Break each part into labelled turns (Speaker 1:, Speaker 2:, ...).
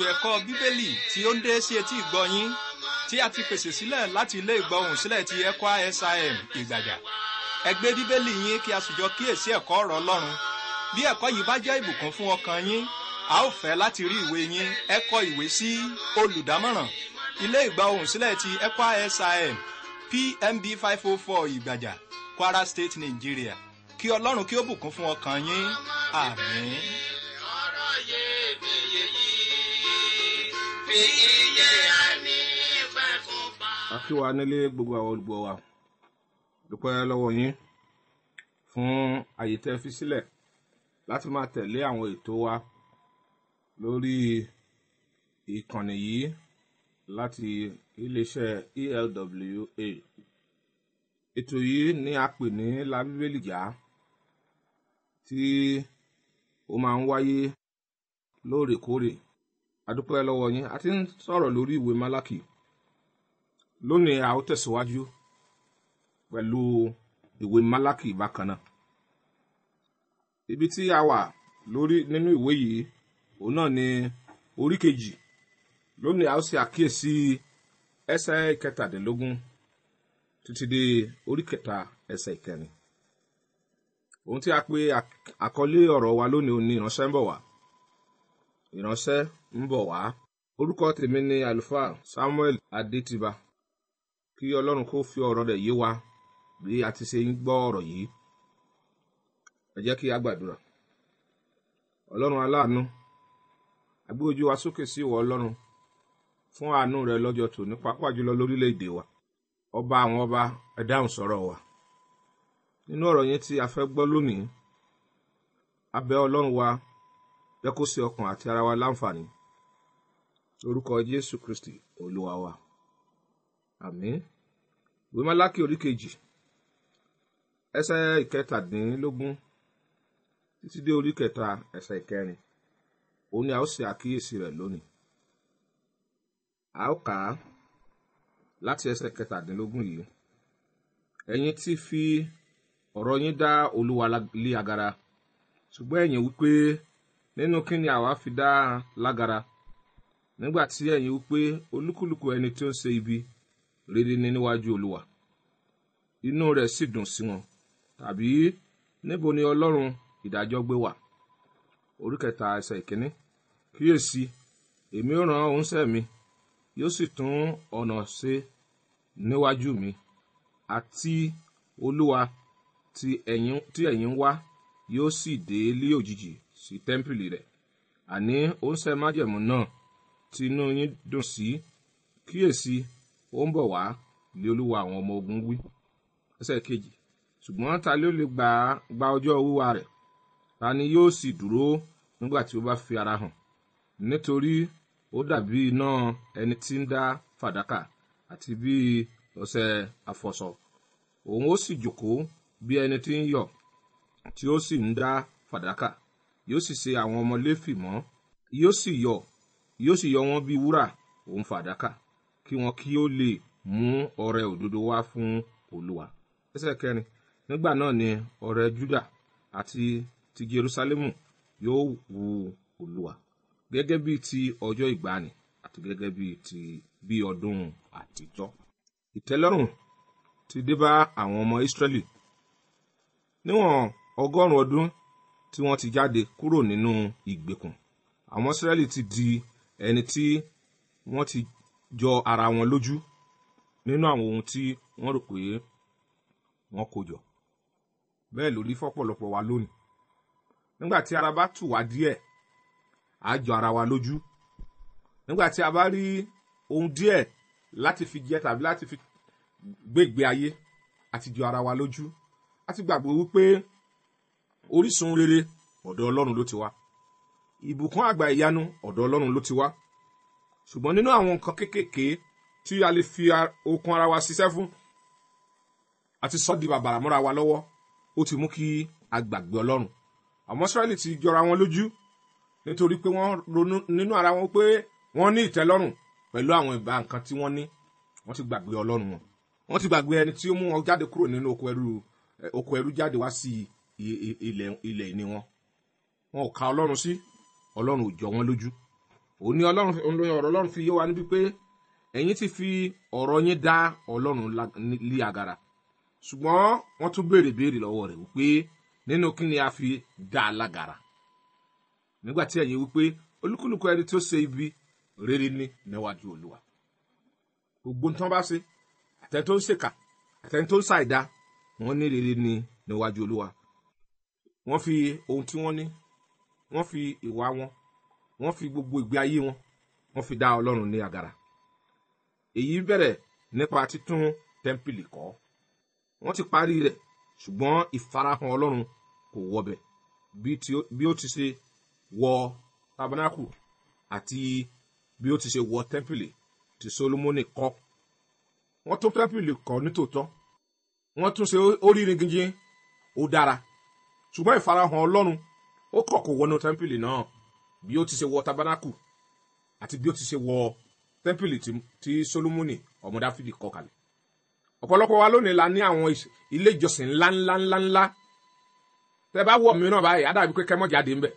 Speaker 1: ètò ẹ̀kọ́ bíbélì tí ó ń dé sí etí ìgbọ́ yín tí a ti pèsè sílẹ̀ láti ilé ìgbọ́hùn sílẹ̀ ti ẹ̀kọ́ sim ìgbàjà ẹ bíbélì yín kí a sì jọ kíyèsí ẹ̀kọ́ ọ̀rọ̀ ọlọ́run bí ẹ̀kọ́ yìí bá jẹ́ ìbùkún fún ọkàn yín a ó fẹ́ láti rí ìwé yín ẹ kọ ìwé sí olùdámọ̀ràn ilé ìgbọ́hùn sílẹ̀ ti ẹ̀kọ́ sim pmb five oh four ìgbàjà kwara state nigeria kí ọlọ́run kí ó bùkún fún ọkàn yín àmín.
Speaker 2: fi ìjẹ́ àní ìfẹ́kùnbà.
Speaker 1: a kí wa nílé gbogbo àwọn olùgbọ́ wa dúpẹ́ lọ́wọ́ yín fún àyè tẹ́ fi sílẹ̀ láti máa tẹ̀lé àwọn ètò wa lórí ìkànnì yìí láti iléeṣẹ́ elwa ètò yìí ni a pè ní lábíbélìjà tí ó máa ń wáyé lóòrèkóòrè adúpẹ́ lọ́wọ́ yín a ti ń sọ̀rọ̀ lórí ìwé Málákì lónìí a ó tẹ̀síwájú pẹ̀lú ìwé Málákì bákan náà ibi tí a wà lórí nínú ìwé yìí òun náà ni orí kejì lónìí a ó ṣe àkíyèsí ẹsẹ̀ kẹtàdínlógún títí dé orí kẹta ẹsẹ̀ ìkẹrin ohun tí a pè àkọlé ọ̀rọ̀ wa lónìí òní ìránṣẹ́ ń bọ̀ wá. ìránṣẹ́ ń bọ̀ wá orúkọ tèmi ni àlùfáà Samuel Adétìbà kí Ọlọ́run kó fi ọ̀rọ̀ rẹ̀ yé wa bí a ti ṣe ń gbọ́ ọ̀rọ̀ yìí ẹ jẹ́ kí a gbàdúrà Ọlọ́run aláàánú a gbé ojú wa sókè sí ìwọ Ọlọ́run fún àánú rẹ lọ́jọ́ tòní pàápàá jùlọ lórílẹ̀‐èdè wa ọba àwọn ọba ẹ dáhùn sọ̀rọ̀ wa nínú ọ̀rọ̀ yẹn tí a fẹ́ gbọ́ lónìí a Ọlọ́run wa jẹ́ kó ṣe ọkàn àti ara wa láǹfààní orúkọ jésù kristi olúwa wa àmín ìwé málákì orí kejì ẹsẹ̀ ìkẹtàdínlógún títí dé orí kẹta ẹsẹ̀ ìkẹrin òun ni a ó ṣe àkíyèsí rẹ̀ lónìí a ó kà á láti ẹsẹ̀ kẹtàdínlógún yìí ẹ̀yin ti fi ọ̀rọ̀ yín dá olúwa lé agara ṣùgbọ́n ẹ̀yin wípé nínú kíni àwa fi dá lágara nígbà tí ẹ̀yin wípé olúkúlùkù ẹni tí ó ń ṣe ibi rere ni níwájú olúwa inú rẹ̀ sì dùn sí wọn tàbí níbo ni ọlọ́run ìdájọ́ gbé wà orí kẹta ẹsẹ̀ ìkíní kíyèsí èmi ó rán oúnṣẹ́ mi yóò sì tún ọ̀nà ṣe níwájú mi àti olúwa tí ẹ̀yin ń wá yóò sì dé lé òjijì sí tẹ́ḿpìlì rẹ̀. Àní ó ṣe májẹ̀mú náà tí inú yín dùn sí. Kíyèsí, ó ń bọ̀ wá ní olúwa àwọn ọmọ ogun wí. Ẹsẹ̀ kejì, ṣùgbọ́n ta ló lè gba gba ọjọ́ wíwá rẹ̀? Ta ni yóò sì dúró nígbà tí ó bá fi ara hàn? Nítorí ó dàbí iná ẹni tí ń dá fàdákà àti bí ọṣẹ àfọ̀sọ. Òun ó sì jòkó bí ẹni tí ń yọ̀, tí ó sì ń dá fàdákà yóò sì ṣe àwọn ọmọ léfì mọ́ yóò sì yọ yóò sì yọ wọ́n bí wúrà òun fàdákà kí wọn kí ó lè mú ọrẹ òdodo wá fún olúwa. ẹsẹ̀ kẹrin nígbà náà ni ọrẹ juda àti ti jerusalemu yóò wu olúwa gẹ́gẹ́ bí ti ọjọ́ ìgbàanì àti gẹ́gẹ́ bí ti bí ọdún àtijọ́. ìtẹ́lọ́rùn ti dé bá àwọn ọmọ ìsírẹ́lì níwọ̀n ọgọ́rùn-ún ọdún tí wọ́n ti jáde kúrò nínú ìgbèkùn àwọn Ísírẹ́lì ti di ẹni tí wọ́n ti jọ ara wọn lójú nínú àwọn ohun tí wọ́n rò pé wọ́n kò jọ bẹ́ẹ̀ ló rí fọ́pọ̀lọpọ̀ wa lónìí nígbà tí ara bá tù wá díẹ̀ á jọ ara wa lójú nígbà tí a bá rí ohun díẹ̀ láti fi jẹ tàbí láti fi gbégbé ayé àti jọ ara wa lójú a ti gbàgbọ́ wípé orísun rere ọ̀dọ̀ ọlọ́run ló ti wá ìbùkún àgbà ìyanu ọ̀dọ̀ ọlọ́run ló ti wá ṣùgbọ́n nínú àwọn nǹkan kéékèèké tí a lè fi okun ara wa ṣiṣẹ́ fún àti sọ́ di bàbàrà mọ́ra wa lọ́wọ́ ó ti mú kí a gbàgbé ọlọ́run àmọ́ Ísírẹ́lì ti jọra wọn lójú nítorí pé wọ́n ronú nínú ara wọn pé wọ́n ní ìtẹ́lọ́rùn pẹ̀lú àwọn ìbá nǹkan tí wọ́n ní wọ́n ti gbàgbé ọlọ́run wọn wọ́n ti gbàgbé ẹni tí ó mú wọn jáde kúrò nínú oko ẹrú jáde wá sí ilẹ̀ ìní wọn wọn ò ka ọlọ́run sí ọlọ́run ò jọ wọn lójú òun ni ọlọ́run ọ̀rọ̀ ọlọ́run fi yé wa níbi pé ẹ̀yin ti fi ọ̀rọ̀ yín dá ọlọ́run lé agara ṣùgbọ́n wọ́n tún béèrè béèrè lọ́wọ́ rẹ̀ wípé nínú kí ni a fi dá a lágara nígbà tí ẹ̀yin wípé olúkúlùkù ẹni tó ṣe ibi rere ni níwájú olúwa gbogbo nǹkan bá ṣe àtẹni tó ń ṣèkà àtẹni tó ń ṣàìdá wọn ní rere ni níwájú olúwa wọ́n fi ohun tí wọ́n ní wọ́n fi ìwà wọn wọ́n fi gbogbo ìgbé ayé wọn wọ́n fi dá ọlọ́run ní agara èyí bẹ̀rẹ̀ nípa títún tẹ́ḿpìlì kọ́ wọ́n ti parí rẹ̀ ṣùgbọ́n ìfarahàn ọlọ́run kò wọbẹ̀ bí ó ti ṣe wọ tabernacle àti bí ó ti ṣe wọ tẹ́ḿpìlì tí solomoni kọ́ wọ́n tún tẹ́ḿpìlì kọ́ nítòótọ́ wọ́n tún ṣe ó rí irin gíjìn ó dára ṣùgbọ́n ìfarahàn ọlọ́run ó kọ̀ kó wọnú tẹ́ḿpìlì náà bí ó ti ṣe wọ tabanakù àti bí ó ti ṣe wọ tẹ́ḿpìlì tí solomoni ọmọ dáfídì kọ́ kalẹ̀ ọ̀pọ̀lọpọ̀ wa lónìí la ní àwọn ilé ìjọsìn ńláńláńláńlá tẹ bá wọ̀ mìíràn báyìí á dàbí pé kẹ́mọ́ jáde ńbẹ̀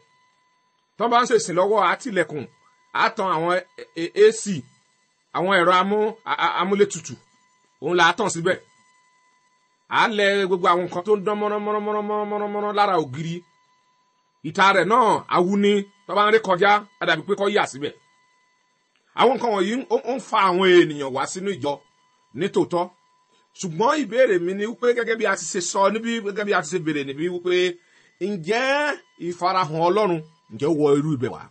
Speaker 1: tọ́ bá ń ṣe ìsìn lọ́wọ́ àtìlẹ̀kùn àtàn àwọn ac àwọn ẹ̀rọ amúlétutù òun là á tàn síbẹ̀ á lẹ gbogbo àwọn nǹkan tó ń dán mọ́nàmọ́nàmọ́nàmọ́nà lára ògiri ìta rẹ̀ náà awu ni tó bá ń rí kọjá àdàbí pé kọ́ yà síbẹ̀ àwọn nǹkan wọ̀nyí ó ń fa àwọn ènìyàn wá sínú ìjọ nítòótọ́ ṣùgbọ́n ìbéèrè mi ni wípé gẹ́gẹ́ bí a ti ṣe sọ níbí gẹ́gẹ́ bí a ti ṣe béèrè níbí wípé ǹjẹ́ ìfarahàn ọlọ́run ǹjẹ́ wọ irú ibẹ̀ wá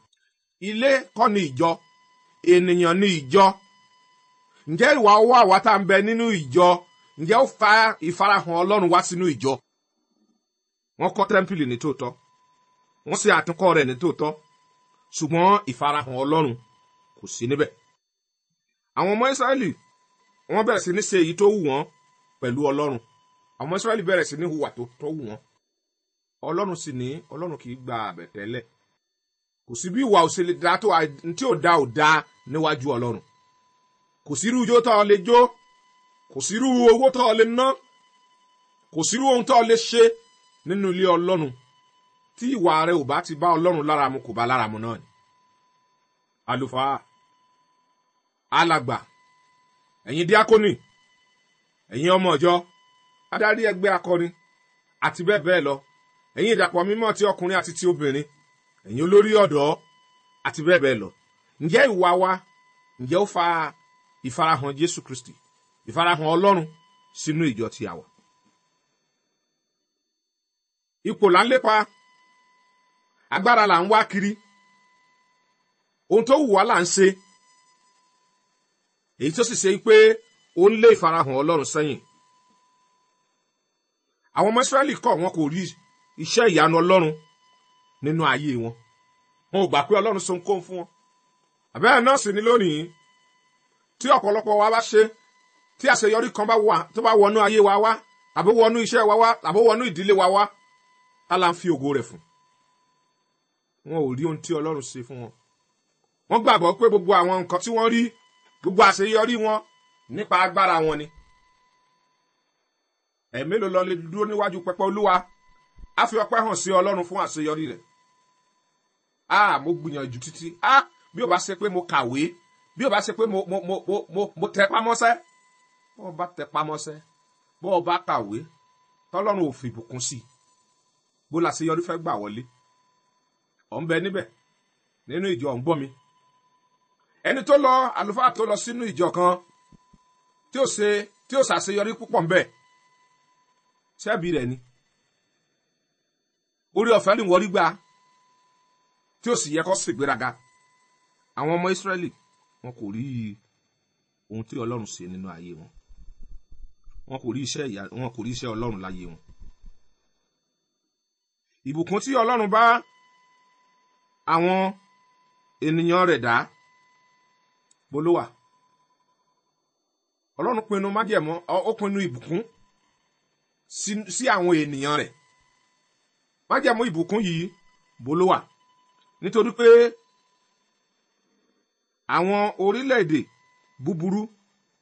Speaker 1: ilé kọ́ ni ìjọ ènìyàn ni ìjọ ǹjẹ́ ìwà owó àwa tá à ń bẹ nínú ìjọ ǹjẹ́ ó fa ìfarahàn ọlọ́run wá sínú ìjọ wọ́n kọ́ tẹ́ḿpìlì ní tòótọ́ wọ́n ṣe àtúnkọ́ rẹ̀ ní tòótọ́ ṣùgbọ́n ìfarahàn ọlọ́run kò sí níbẹ̀ àwọn ọmọ ìsírẹ́lì wọ́n bẹ̀rẹ̀ sí ní ṣe èyí tó wù wọ́n pẹ̀lú ọlọ́run àwọn ọmọ ìsírẹ́lì bẹ̀rẹ̀ sí ní hùwà tó tó wù wọ́n ọlọ́run sì ní ọlọ́run kì í gba àbẹ̀tẹ́lẹ̀ kò sí bí ìwà òṣèlè dá tó tí ò dá ò dá níwájú ọlọ́run kò sí irú ijó tó lè jó kò sírú owó tá a lè ná kò sírú ohun tá a lè ṣe nínú ilé ọlọ́run tí ìwà rẹ ò bá ti bá ọlọ́run lára mu kò bá lára mu náà ni. àlùfáà alàgbà ẹ̀yin díákónì ẹ̀yin ọmọ ọ̀jọ́ adarí ẹgbẹ́ akọrin àti bẹ́ẹ̀ bẹ́ẹ̀ lọ ẹ̀yin ìdàpọ̀ mímọ́ ti ọkùnrin àti ti obìnrin ẹ̀yin olórí ọ̀dọ́ àti bẹ́ẹ̀ bẹ́ẹ̀ lọ ǹjẹ́ ìwà wa ǹjẹ́ ó fa ìfarahàn jésù kristi ìfarahàn ọlọ́run sínú ìjọ ti àwa. ipò là ń lépa agbára là ń wá kiri ohun tó wù wá là ń ṣe èyí tó sì ṣe pé ó ń lé ìfarahàn ọlọ́run sẹ́yìn àwọn ọmọ Ísírẹ́lì kọ̀ wọn kò rí iṣẹ́ ìyanu ọlọ́run nínú ayé wọn wọn ò gbà pé ọlọ́run so ń kó fún wọn àbẹ́rẹ́ náà sì ni lónìí tí ọ̀pọ̀lọpọ̀ wa bá ṣe é tí àṣeyọrí kan bá wà tó bá wọnú ayé wa wá àbó wọnú iṣẹ́ wa wá àbó wọnú ìdílé wa wá ala ń fi ògo rẹ̀ fún wọn ò rí ohun tí ọlọ́run ṣe fún wọn wọ́n gbàgbọ́ pé gbogbo àwọn nǹkan tí wọ́n rí gbogbo àṣeyọrí wọn nípa agbára wọn ni ẹ̀mélòó ló lè dúró níwájú pẹpẹ olúwa a fi ọpẹ́ hàn sí ọlọ́run fún àṣeyọrí rẹ̀ a mo gbìyànjú títí a bí o bá ṣe pé mo kàwé bí o bá ṣe pé mo mo mo mo mo tẹpá bọ́ ọ bá tẹ pamọ́sẹ́ bọ́ ọ bá kàwé tọ́lọ́run ò fìbùkún sí i bó la ṣe yọrí fẹ́ gbà wọlé ọ̀ ń bẹ níbẹ̀ nínú ìjọ ọ̀ ń gbọ́ mi ẹni tó lọ àlùfáà tó lọ sínú ìjọ kan tí ó ṣe tí ó ṣàṣeyọrí púpọ̀ ń bẹ ṣẹ́bi rẹ̀ ni orí ọ̀fẹ́ ni wọ́n rí gbà tí ó sì yẹ kó ṣègbéraga àwọn ọmọ Ísírẹ́lì wọn kò rí ohun tí Ọlọ́run ṣe nínú ayé wọn wọn kò rí iṣẹ́ ìyá wọn kò rí iṣẹ́ ọlọ́run láyé wọn. ìbùkún tí ọlọ́run bá àwọn ènìyàn rẹ̀ dá bolówà ọlọ́run pinnu májẹ̀mọ́ ó pinnu ìbùkún sí àwọn ènìyàn rẹ̀ májẹ̀mọ́ ìbùkún yìí bolówà nítorí pé àwọn orílẹ̀-èdè búburú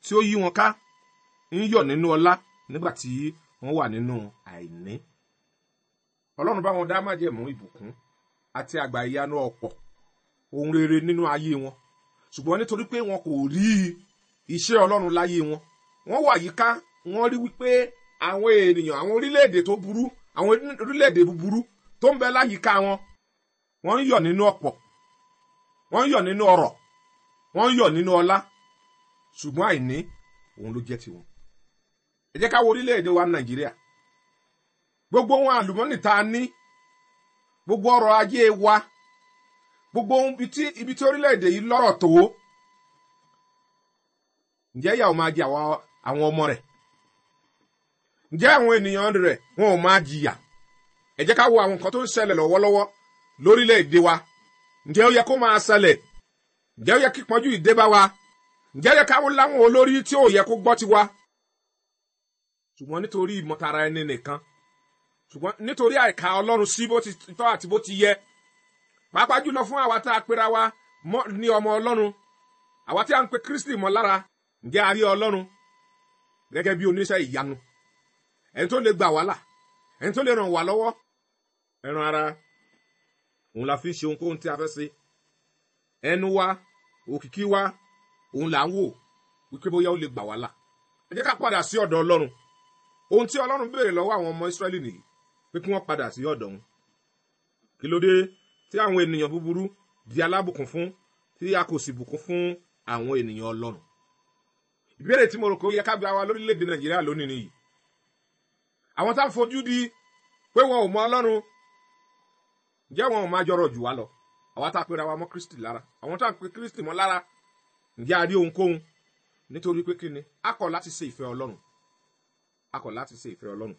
Speaker 1: tí ó yí wọn ká ń yọ̀ nínú ọlá nígbà tí wọ́n wà nínú àìní. ọlọ́run bá wọn dá májẹ̀mú ìbùkún àti àgbà ìyanu ọ̀pọ̀ ohun rere nínú ayé wọn ṣùgbọ́n nítorí pé wọn kò rí iṣẹ́ ọlọ́run láyé wọn wọ́n wà yíká wọ́n rí wípé àwọn ènìyàn àwọn orílẹ̀-èdè tó burú àwọn orílẹ̀-èdè búburú tó ń bẹ láyìíká wọn wọ́n ń yọ̀ nínú ọ̀pọ̀ wọ́n ń yọ̀ nínú ọrọ̀ wọ́n ń yọ̀ nínú ọlá ṣùgbọ́n àìní òun ló jẹ́ tiwọn. ẹ jẹ́ ká wo orílẹ̀ wa nàìjíríà gbogbo ohun àlùmọ́nì tá a gbogbo ọrọ̀ ajé wa gbogbo ohun ibi tí orílẹ̀-èdè yìí lọ́rọ̀ tó ǹjẹ́ ìyàwó máa jẹ àwọn ọmọ rẹ̀ ǹjẹ́ àwọn ènìyàn rẹ̀ wọn ò máa jìyà ẹ wo àwọn nǹkan tó ń ṣẹlẹ̀ wa ǹjẹ́ ó yẹ kó máa ṣẹlẹ̀ ǹjẹ́ ó yẹ kí pọ́njú ìdébá wa ǹjẹ́ ó yẹ láwọn olórí tí yẹ kó ṣùgbọ́n nítorí ìmọ̀tara ẹni nìkan ṣùgbọ́n nítorí àìka ọlọ́run sí bó ti tọ́ àti bó ti yẹ pàápàá jùlọ fún àwa tá a pera wa ní ọmọ ọlọ́run àwa tí a ń pe kristi mọ́ lára ǹjẹ́ a rí ọlọ́run gẹ́gẹ́ bí oníṣẹ́ ìyanu ẹni tó lè gbà wá là ẹni tó lè ràn wá lọ́wọ́ ẹran ara òun la fi ṣe ohunkóhun tí a fẹ́ ṣe ẹnu wa òkìkí wa òun là ń wò wípé bóyá ó lè gbà wá ẹ jẹ́ ká padà sí ọ̀dọ̀ ọlọ́run ohun tí ọlọ́run béèrè lọ́wọ́ àwọn ọmọ ìsírẹ́lì nìyí pé kí wọ́n padà sí ọ̀dọ̀ wọn kí ló dé tí àwọn ènìyàn búburú di alábùkún fún tí a kò sì bùkún fún àwọn ènìyàn ọlọ́run ìbéèrè tí mo rò kó yẹ ká gba wa lórílẹ̀‐èdè nàìjíríà lónìí nìyí àwọn tá a fojú di pé wọn ò mọ ọlọ́run ǹjẹ́ wọn ò máa jọrọ̀ jù wá lọ àwa tá a pera wa mọ́ kristi lára àwọn tá a pe kristi mọ́ lára ǹjẹ́ a rí ohunkóhun ni a kọ̀ láti a kọ̀ láti ṣe ìfẹ́ ọlọ́run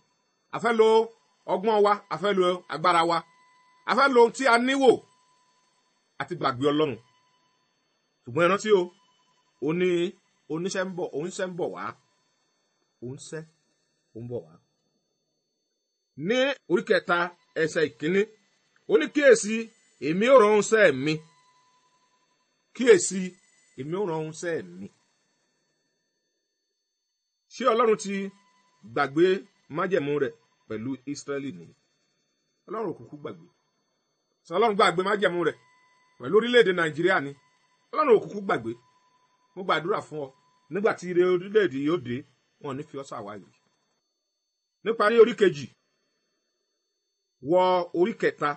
Speaker 1: a fẹ́ lo ọgbọ́n wa a fẹ́ lo agbára wa a fẹ́ lo ohun tí a níwò àti gbàgbé ọlọ́run ṣùgbọ́n ẹ rántí o oní oníṣẹ́ ń bọ̀ oníṣẹ́ ń bọ̀ wá oníṣẹ́ ń bọ̀ wá. ní orí kẹta ẹsẹ̀ ìkíní ó èmi ò rán oníṣẹ́ mi kíyèsí èmi ò rán oníṣẹ́ mi. ṣé ọlọ́run ti gbàgbé májẹ̀mú rẹ̀ pẹ̀lú Ísírẹ́lì nìyí ọlọ́run òkùnkù gbàgbé sọ ọlọ́run gbàgbé májẹ̀mú rẹ̀ pẹ̀lú orílẹ̀-èdè Nàìjíríà ni ọlọ́run òkùnkù gbàgbé mo gbàdúrà fún ọ nígbà tí ire orílẹ̀-èdè yóò dé wọn ní fi ọ́ ṣàwárí níparí orí kejì wọ orí kẹta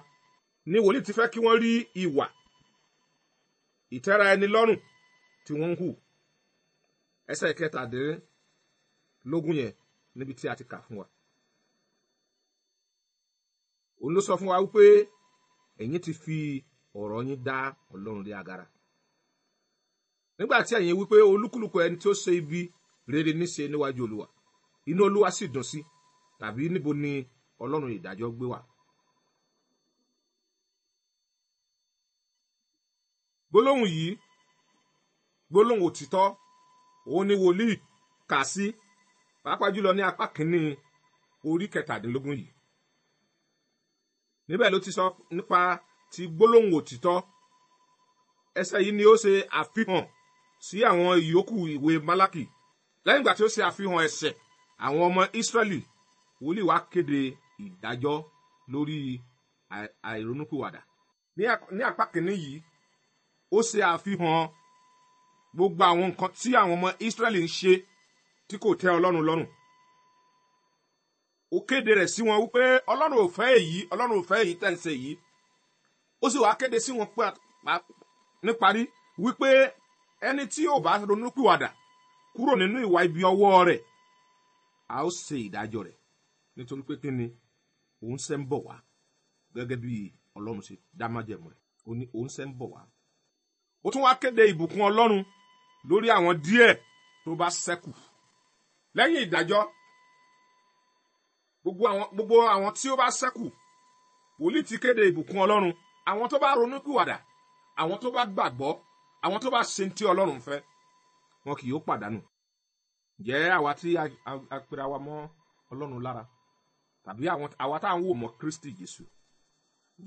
Speaker 1: ni wòlíì ti fẹ́ kí wọ́n rí ìwà ìtẹ́ra ẹni lọ́rùn tí wọ́n ń hù ẹsẹ̀ kẹtàdínlógún yẹn ne bi tí a ti kà fún wa. òun ló sọ fún wa wípé ẹ̀yin ti fi ọ̀rọ̀ yín dá ọlọ́run rí agara. nígbà tí ẹ̀yin wípé olúkúlùkù ẹni tí ó ṣe ibi rere níṣe níwájú olúwa inú olúwa sì dùn sí tàbí níbo ni ọlọ́run ìdájọ́ gbé wà. gbólóhùn yìí gbólóhùn òtítọ́ òun ni wòlíì kà sí pàápàá jùlọ ní apá kínní orí kẹtàdínlógún yìí níbẹ̀ ló ti sọ nípa ti gbólóhùn òtítọ́ ẹsẹ̀ yìí ni ó ṣe àfihàn sí àwọn ìyókù ìwé Málákì lẹ́yìn ìgbà tí ó ṣe àfihàn ẹ̀ṣẹ̀ àwọn ọmọ Ísírẹ́lì wòlíì wá kéde ìdájọ́ lórí àìronúpìwàdà ní apá kìíní yìí ó ṣe àfihàn gbogbo àwọn nǹkan tí àwọn ọmọ Ísírẹ́lì ń ṣe tí kò tẹ́ ọlọ́run lọ́rùn ó kéde rẹ̀ sí wọn wípé ọlọ́run ò fẹ́ èyí ọlọ́run ò fẹ́ èyí tẹ̀ ń ṣe èyí ó sì wáá kéde sí wọn níparí wípé ẹni tí yóò bá ronúpìwàdà kúrò nínú ìwà ibi ọwọ́ rẹ̀ a ó ṣe ìdájọ́ rẹ̀ nítorí pé kíni òun ṣe ń bọ̀ wá gẹ́gẹ́ bí ọlọ́run ṣe dá májẹ̀mú rẹ̀ òun ṣe ń bọ̀ wá. ó tún wáá kéde ìbùkún ọlọ́run lórí àwọn díẹ̀ tó bá ṣẹ́kù lẹ́yìn ìdájọ́ gbogbo àwọn tí ó bá ṣẹ́kù wòlíì ti kéde ìbùkún ọlọ́run àwọn tó bá ronúpìwàdà àwọn tó bá gbàgbọ́ àwọn tó bá ṣe ti ọlọ́run fẹ́ wọn kì yóò pàdánù jẹ́ àwa tí a pera wa mọ́ ọlọ́run lára tàbí àwa tá à ń wò mọ́ kristi jésù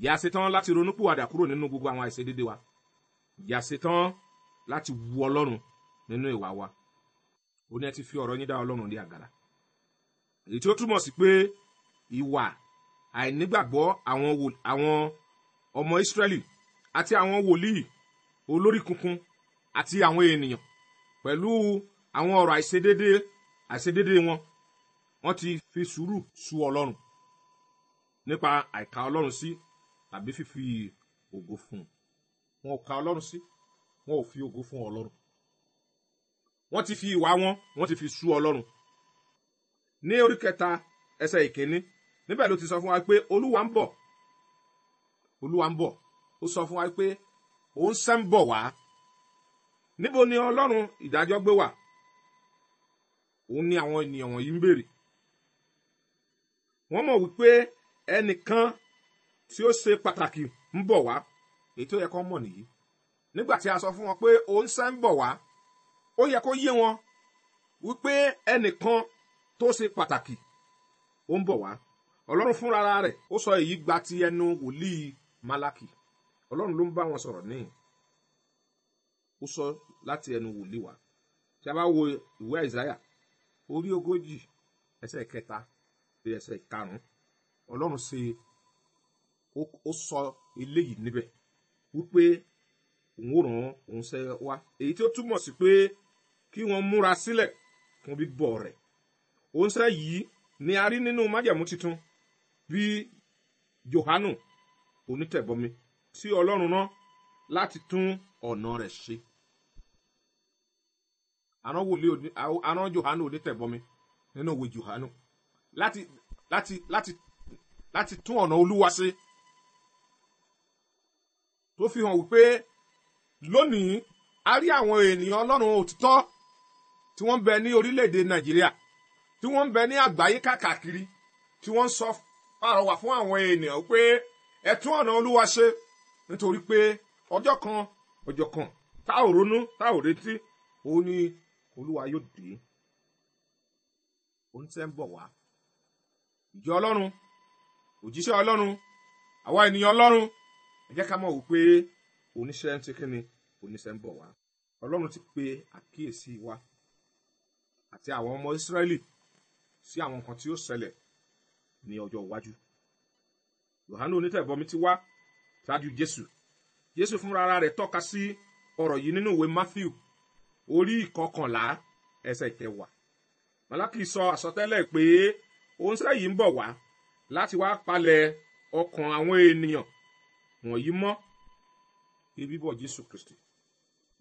Speaker 1: ìyá ṣetán láti ronúpìwàdà kúrò nínú gbogbo àwọn àìṣedédé wa ìyá ṣetán láti wu ọlọ́run nínú ìwà wa ó ní ẹ ti fi ọ̀rọ̀ yín dá ọlọ́run ní àgàrà èyí tí ó túmọ̀ sí pé ìwà àìnígbàgbọ́ àwọn ọmọ ìsírẹ́lì àti àwọn wòlíì olórí kunkun àti àwọn ènìyàn pẹ̀lú àwọn ọ̀rọ̀ àìṣedédé àìṣedédé wọn wọ́n ti fi sùúrù sú ọlọ́run nípa àìka ọlọ́run sí tàbí fífi ògo fún un wọn ò ka ọlọ́run sí wọn ò fi ògo fún ọlọ́run wọ́n ti fi ìwà wọn wọ́n ti fi sú ọlọ́run. ní orí kẹta ẹsẹ̀ ìkíní níbẹ̀ ló ti sọ fún wa pé olúwa ń bọ̀ olúwa ń bọ̀ ó sọ fún wa pé òun sẹ́ ń bọ̀ wá níbo ni ọlọ́run ìdájọ́ gbé wà òun ni àwọn ènìyàn wọ̀nyí ń béèrè wọ́n mọ̀ wípé ẹnìkan tí ó ṣe pàtàkì ń bọ̀ wá èyí tó yẹ kó mọ̀ nìyí nígbà tí a sọ fún wọn pé òun sẹ́ ń bọ̀ wá ó yẹ kó yé wọn wípé ẹnìkan tó ṣe pàtàkì ó ń bọ̀ wá ọlọ́run fúnra rẹ̀ ó sọ èyí gba ti ẹnu wòlíì Málákì ọlọ́run ló ń bá wọn sọ̀rọ̀ níyìn ó sọ láti ẹnu wòlíì wá tí a bá wo ìwé Àìsáyà orí ogójì ẹsẹ̀ kẹta dé ẹsẹ̀ karùn-ún ọlọ́run ṣe ó sọ eléyìí níbẹ̀ wípé òun ò ràn òun ṣe wá èyí tí ó túmọ̀ sí pé kí wọ́n múra sílẹ̀ fún bíbọ̀ rẹ̀ ohun yìí ni a rí nínú májẹ̀mú titun bí Jòhánù onítẹ̀bọmi tí Ọlọ́run rán láti tún ọ̀nà rẹ̀ ṣe àrán Jòhánù onítẹ̀bọmi nínú òwe Jòhánù láti láti láti láti tún ọ̀nà Olúwa ṣe tó fi hàn wípé lónìí a rí àwọn ènìyàn Ọlọ́run òtítọ́ tí wọ́n ń bẹ ní orílẹ̀-èdè nàìjíríà tí wọ́n ń bẹ ní àgbáyé káàkiri tí wọ́n ń sọ pàrọwà fún àwọn ènìyàn pé ẹ tún ọ̀nà olúwa ṣe nítorí pé ọjọ́ kan ọjọ́ kan tá ò ronú tá ò retí òun ni olúwa yóò dé òun tẹ́ ń bọ̀ wá ìjọ ọlọ́run òjíṣẹ́ ọlọ́run àwa ènìyàn ọlọ́run ẹ ká mọ̀ wípé oníṣẹ́ ń ti kíni oníṣẹ́ ń bọ̀ wá ọlọ́run ti pe àkíyèsí wa àti àwọn ọmọ Ísírẹ́lì sí àwọn nǹkan tí ó ṣẹlẹ̀ ní ọjọ́ iwájú. Yohane onítẹ̀bọmi ti wá ṣáájú Jésù. Jésù fúnra rẹ̀ tọ́ka sí ọ̀rọ̀ yìí nínú ìwé Matthew orí ìkọkànlá ẹsẹ̀ ìkẹwàá. Málákì sọ àsọtẹ́lẹ̀ pé ohun ṣẹ́ yìí ń bọ̀ wá láti wá palẹ̀ ọkàn àwọn ènìyàn wọ̀nyí mọ́ dé bíbọ̀ Jésù Kristi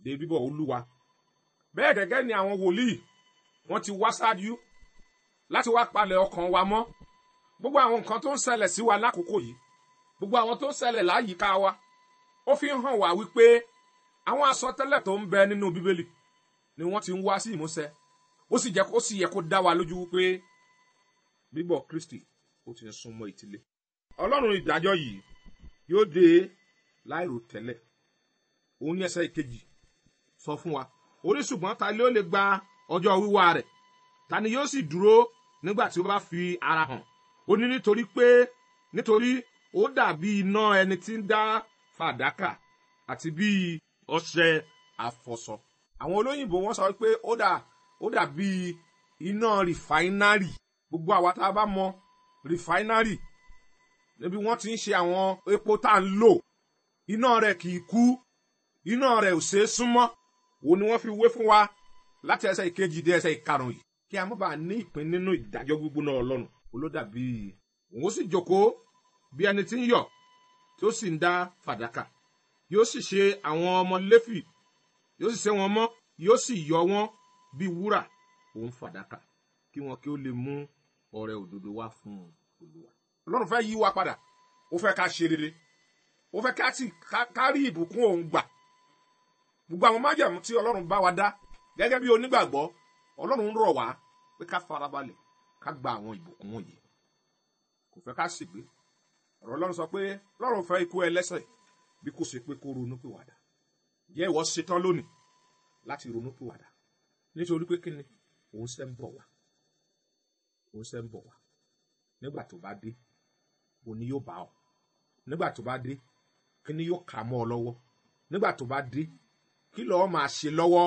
Speaker 1: dé bíbọ̀ Olúwa. Bẹ́ẹ̀ gẹ́gẹ́ ni àwọn wòlíì wọ́n ti wá ṣáájú láti wá palẹ̀ ọkàn wa mọ́ gbogbo àwọn nǹkan tó ń ṣẹlẹ̀ sí wa lákòókò yìí gbogbo àwọn tó ń ṣẹlẹ̀ láyìíká wa ó fi ń hàn wá wípé àwọn àsọtẹ́lẹ̀ tó ń bẹ nínú bíbélì ni wọ́n ti ń wá sí ìmúṣẹ ó sì jẹ́ kó sì yẹ kó dá wa lójú wípé bíbọ̀ Kristi ó ti ń súnmọ́ ìtìlẹ̀ ọlọ́run ìdájọ́ yìí yóò dé láìrò tẹ́lẹ̀ òun ní ẹsẹ̀ ìkejì sọ fún wa orí ṣùgbọ́n ta ló lè gba ọjọ́ wíwá rẹ̀ ta ni yóò sì dúró nígbà tí ó bá fi ara hàn ó ní nítorí pé nítorí ó dàbí iná ẹni tí ń dá fàdákà àti bí ọṣẹ àfọ̀sọ àwọn olóyìnbó wọ́n sọ pé ó dà ó dàbí iná rìfáínárì gbogbo àwa tá a bá mọ rìfáínárì níbi wọ́n ti ń ṣe àwọn epo tá a ń lò iná rẹ̀ kì í kú iná rẹ̀ ò ṣeé súnmọ́ òun ni wọ́n fi wé fún wa láti ẹsẹ̀ ìkejì dé ẹsẹ̀ ìkarùn yìí kí a mọ̀ bá ní ìpín nínú ìdájọ́ gbígbóná ọlọ́run olódàbí òun sì jókòó bí ẹni tí ń yọ̀ tí ó sì ń dá fàdákà yóò sì ṣe àwọn ọmọ léfì yóò sì ṣe wọn mọ́ yóò sì yọ wọn bí wúrà òun fàdákà kí wọn kí ó lè mú ọrẹ òdodo wá fún olúwa ọlọ́run fẹ́ yí wa padà ó fẹ́ ká ṣe rere ó fẹ́ ká sì ìbùkún òun gbà gbogbo àwọn májàmú tí ọlọ́run bá wa dá gẹ́gẹ́ bí onígbàgbọ́ ọlọ́run ń rọ̀ wá pé ká farabalẹ̀ ká gba àwọn ìbùkún wọ̀nyí kò fẹ́ ká ṣègbé ọ̀rọ̀ ọlọ́run sọ pé ọlọ́run fẹ́ ikú ẹlẹ́ṣẹ̀ bí kò ṣe pé kó ronú pìwàdà jẹ́ ìwọ ṣetán lónìí láti ronú pìwàdà nítorí pé kíni òun ṣe ń bọ̀ wá òun ṣe ń bọ̀ wá nígbà tó bá dé òun yóò bá ọ nígbà tó bá dé kíni yóò kà mọ́ ọ lọ́wọ́ nígbà tó bá dé kí lọ́ọ́ máa ṣe lọ́wọ́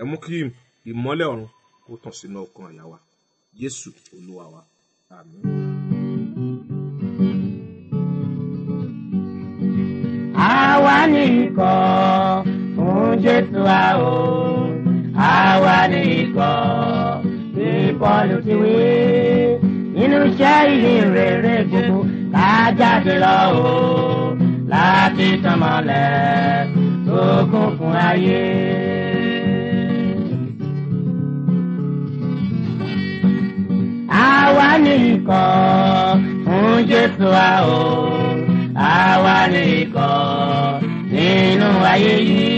Speaker 1: ẹ mú kí ìmọ́lẹ̀ ọ̀run kó tàn sínú ọkàn àyà wa Jésù Olúwa wa àmín.
Speaker 2: àwa ní ikọ̀ fún Jésù a o àwa ní ikọ̀ bí Pọ́ọ̀lù ti wí inú iṣẹ́ ìhìn rere gbogbo ká jáde lọ o láti tàn tó kún fún ayé. àwa nìkan fún Jésù àwò àwa nìkan nínú ayé yìí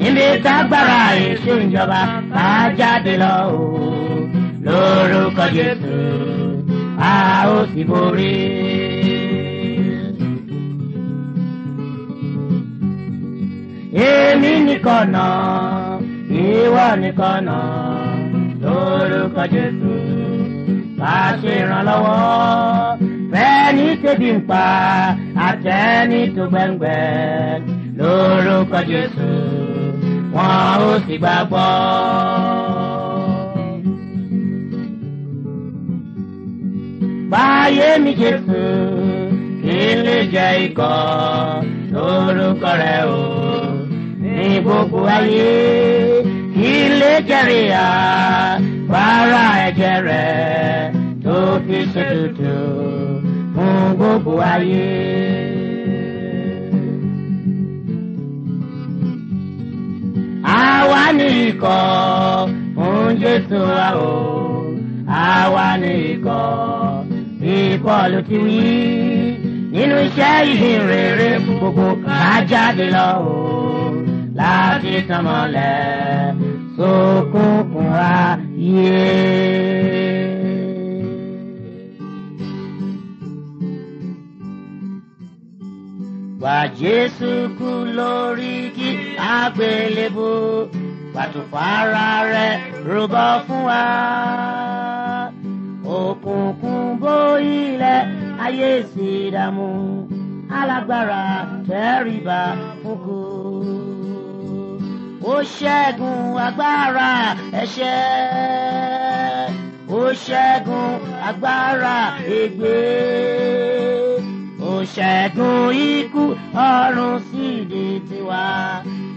Speaker 2: níbi tágbára èso ìjọba bá jáde lọ o lórúkọ Jésù a ó sì borí. èmi nìkan náà ìwọ nìkan náà lórúkọ Jésù máa ṣe ìrànlọ́wọ́ fẹ́ni tẹ́bi ń pa àtẹ́ni tó gbẹ̀ngbẹ̀ lórúkọ Jésù wọn ó sì gbàgbọ́. báyé mi Jésù kí n lè jẹ ikọ̀ lórúkọ rẹ o ní gbogbo ayé kí lè jẹrìí à. Bara ẹ̀jẹ̀ rẹ̀ tó fi ṣètùtù fún gbogbo ayé. àwa ní ikọ̀ fún Jésù wa o àwa ní ikọ̀ bí Pọ́ọ̀lù ti wí nínú iṣẹ́ ìhìnrere gbogbo ká jáde lọ o láti tàn mọ́lẹ̀ sókùnkùn ra. Wà Jésù kú lórí igi àgbélébù pàtùkù ara rẹ̀ rúbọ fún wa. Òkùnkùn bò ilẹ̀ ayé sì alágbára tẹríba ó ṣẹ́gun agbára ẹ̀ṣẹ̀ ó ṣẹ́gun agbára ègbé ó ṣẹ́gun ikú ọ̀run sì tiwa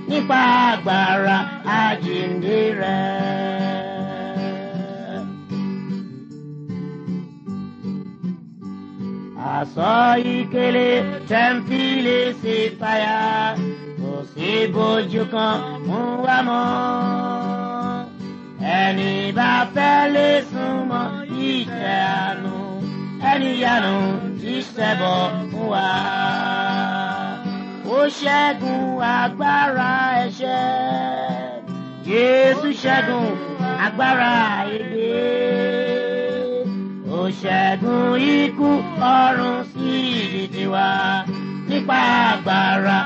Speaker 2: nípa agbára àjíǹde rẹ̀. Asọ ikele tẹ́ńpìlì sí fàyà ìbòjú kan mú wá mọ́. ẹni bá fẹ́ lè súnmọ́ ìfẹ́ àánú ẹni yanu ìṣẹ́bọ̀ fún wa. ó ṣẹ́gun agbára ẹ̀ṣẹ̀ Jésù ṣẹ́gun agbára èdè. ó ṣẹ́gun ikú ọ̀run sí ìdí tiwa nípa agbára.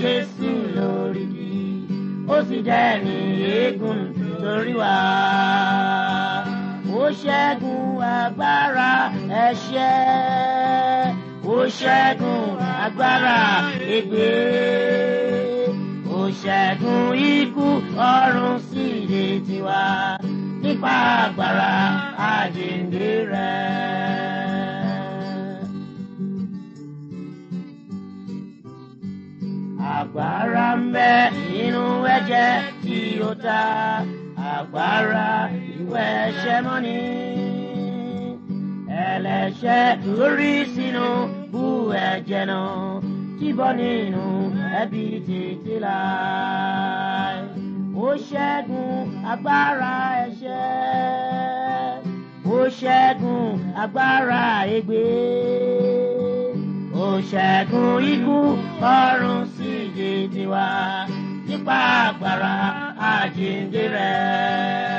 Speaker 2: Jésù lórí bí ó sì jẹ́ ní eégún torí wa. Ó ṣẹ́gun agbára ẹ̀ṣẹ̀. Ó ṣẹ́gun agbára ègbé. Ó ṣẹ́gun ikú ọ̀run sí ilé tiwa nípa agbára àjíǹde rẹ̀. agbára ń bẹ nínú ẹ̀jẹ̀ tí ó ta agbára ìwẹ̀ ẹ̀ṣẹ̀ mọ́ni ẹlẹ́ṣẹ̀ lórí sínú bú ẹ̀jẹ̀ náà kíbọ̀ nínú ẹbí títí láì ó ṣẹ́gun agbára ẹ̀ṣẹ̀ ó ṣẹ́gun agbára ègbé ó ṣẹ́gun ikú ọ̀run sí jíjí wa nípa agbára àjíǹde rẹ̀.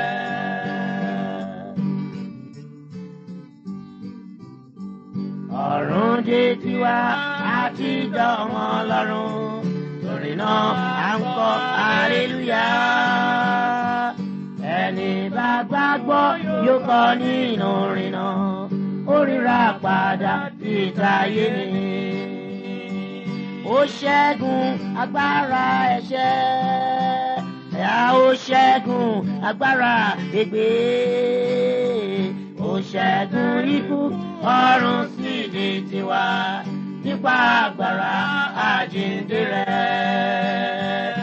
Speaker 2: ọ̀run dé tiwa àti dọ̀wọ́n ọlọ́run torí náà à ń kọ́ aleluya. ẹni bá gbàgbọ́ yóò kọ́ nínú rìnnà ó ríra padà ìtayé ni ó ṣẹ́gun agbára ẹ̀ṣẹ̀ a ó ṣẹ́gun agbára ègbé ó ṣẹ́gun ikú ọ̀run sì di tiwa nípa agbára àjíǹde rẹ̀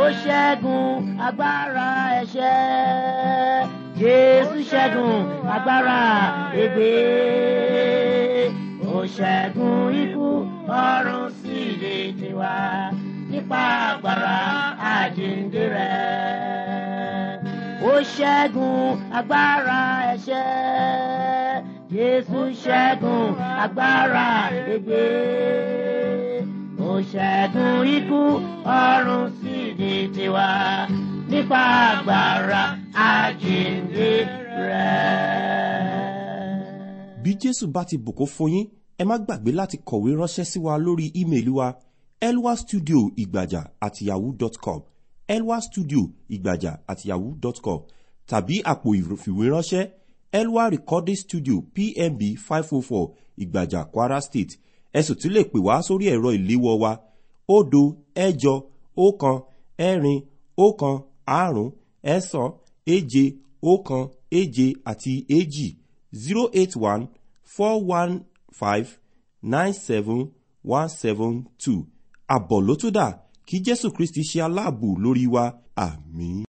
Speaker 2: ó ṣẹ́gun agbára ẹ̀ṣẹ̀ jésù ṣẹ́gun agbára ègbé ó ṣẹ́gun ikú ọ̀run sí ti tiwa nípa agbára àjíǹde rẹ̀. Ó ṣẹ́gun agbára ẹ̀ṣẹ̀. Jésù ṣẹ́gun agbára ègbé. Ó ṣẹ́gun ikú ọ̀run sì di tiwa nípa agbára àjíǹde rẹ̀.
Speaker 1: Bí Jésù bá ti bùkún fún yín ẹ má gbàgbé láti kọ̀wé ránṣẹ́ sí wa lórí ímeèlì wa elwastudio ìgbàjà at yahoo dot com elwastudio ìgbàjà at yahoo dot com tàbí àpò ìfìwéránṣẹ́ elwa recording studio pmb five four oh four ìgbàjà kwara state ẹ sì tún lè pè wá sórí ẹ̀rọ ìléwọ́ wa òdo ẹ̀jọ ọ̀kan ẹ̀rin ọ̀kan àrún ẹ̀sán èje ọ̀kan èje àti èjì zero eight one four one five nine seven one seven two àbọ̀ ló tún dà kí jésù kristi ṣe aláàbò lórí wa àmín.